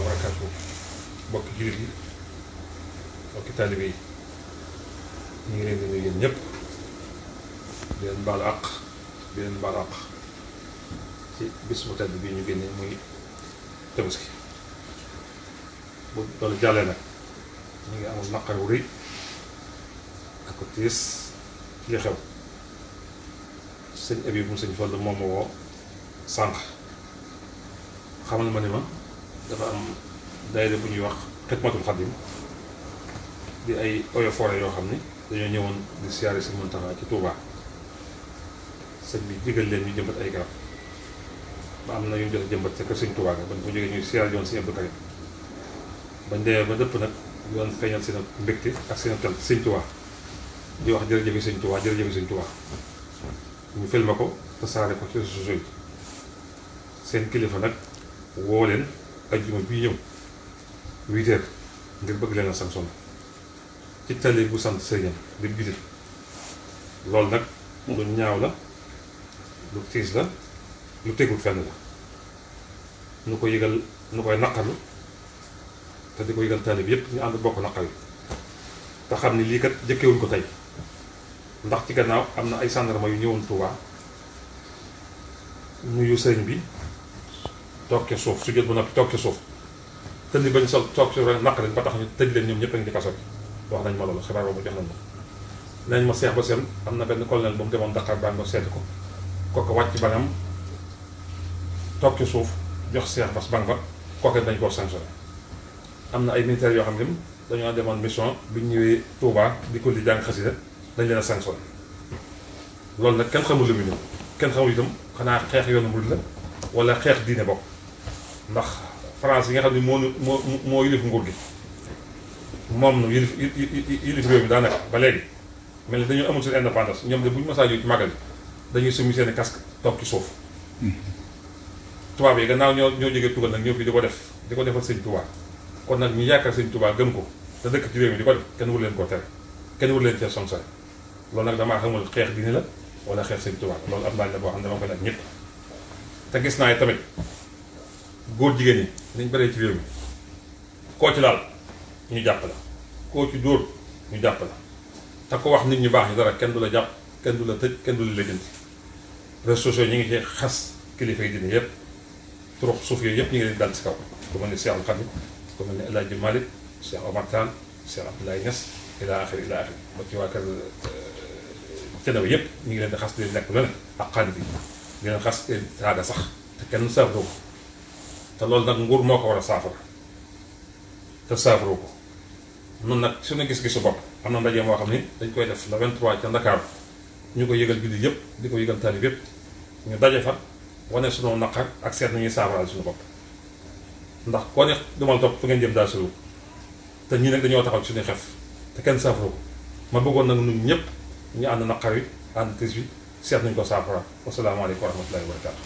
wa barakaatu mbokki jullit yi mbokki taalibe yi ñu ngi leen di nuyu yéen ñëpp leen baal àq di leen baal àq ci bis bu tedd bii ñu génne muy tabaski bu loolu jàllee nag ñu ngi amul naqar wu rëy ak ko tiis li xew sëñ abi bu sëñ Fall moom ma woo sànq xamal ma ni ma dafa am daayira bu ñuy wax xidmatul xadim di ay eaux yoo xam ne dañoo ñëwoon di siyaare si Muntaxa ci Touba sëñ bi digal leen ñu jëmbat ay garab ba am na ñu jël a jëmbat sa kër sëñ Touba ga ba ñu fa jógee ñuy siyaare bañ demee ba dëpp nag yoon feeñal seen mbégte ak seen cant sëñ Touba di wax jërëjëf sëñ Touba jërëjëf sëñ Touba ñu filmé ko tasaare ko ci réseaux sociaux seen kilifa nag woo leen. ajjuma bii ñëw huit heures ngir bëgg leen a ci tali bu sant sëriñam di biir loolu nag lu ñaaw la lu tiis la lu tegul fenn la nu ko yëgal nu koy naqarlu te di ko yëgal taalib yépp ñu ànd bokk naqar yi te xam ni lii kat jëkkewul ko tey ndax ci gannaaw am na ay sàndarma yu ñëwoon Tuubaa nuyu sëriñ bi toog ca suuf su jot bu noppi toog ca suuf tëdd bañ sol toog suuf rek naqari ba tax ñu tëj leen ñoom ñëpp a ngi ci kaso bi wax nañ ma loolu xibaar boobu jox nañ ma nañ ma seex ba seen am na benn colonel bu mu demoon Dakar daan ko seeti ko kooku wàcc bangam toog ci suuf jox seex bas bang ba kooku dañ koo sanctionné am na ay militaires yoo xam ne dañoo demoon mission bi ñëwee Touba di ko di jàng xasida dañ leen a sanctionné loolu nag kenn xamul lu mu ñëw kenn xamul itam xanaa xeex yoonu mbir la wala xeex diine bokk ndax France yi nga xam ne moo moo moo yilif nguur gi moom nu yilif yilif réew mi daanaka ba léegi mel ni dañoo amul seen indépendance ñoom de bu ñu masaa jóg ci màggal dañuy summi seen casque toog ci suuf tubaab yi gannaaw ñoo ñoo jógee tugal nag ñëw fii di ko def di ko defal sëñ Tuubaa kon nag ñu yaakaar sëñ Tuubaa gëm ko te dëkk ci réew mi di ko def kenn wur leen koo tere kenn wur leen cee sonsal loolu nag damaa xamul xeex diine la wala xeex sëñ Tuubaa loolu am laaj la boo xam ne dama koy laaj ñëpp te gis naa tamit góor jigéen ñi nañ bëree ci réew mi koo ci laal ñu jàpp la koo ci dóor ñu jàpp la te ko wax nit ñu baax ñu dara kenn du la jàpp kenn du la tëj kenn du la lëjënti réseaux sociaux ñu ngi ci xas kilifa yi dina yëpp turux suuf yooyu yëpp ñu ngi leen dal ci kaw ku mel ni Cheikh Al Khadim ku mel ni El Hadj Malick Cheikh Omar Tall Cheikh Abdoulaye Niass ila akhir ila akhir ba ci waa kër Thiénaba yëpp ñu ngi leen di xas di leen nekk lu ne ak xaalis bi di leen xas di leen saaga sax te kenn saafara ko te loolu nag nguur moo ko war a saafara te saafaru ko noonu nag suñu gis su bopp am na ndaje moo xam ni dañ koy def le 23 ca Ndakaaru ñu ko yëgal jullit yëpp di ko yëgal taalib yëpp ñu daje fa wane sunu naqar ak seet nañuy saafaraal suñu bopp ndax koo ne dumal topp fu ngeen jëm daa soriw te ñii nag dañoo taxaw suñuy xef te kenn saafaru ko ma bëggoon nag ñun ñëpp ñu ànd naqar wi ànd tis seet nañ ko saafara wasalaamaaleykum wa rahmatullahi wa barakatu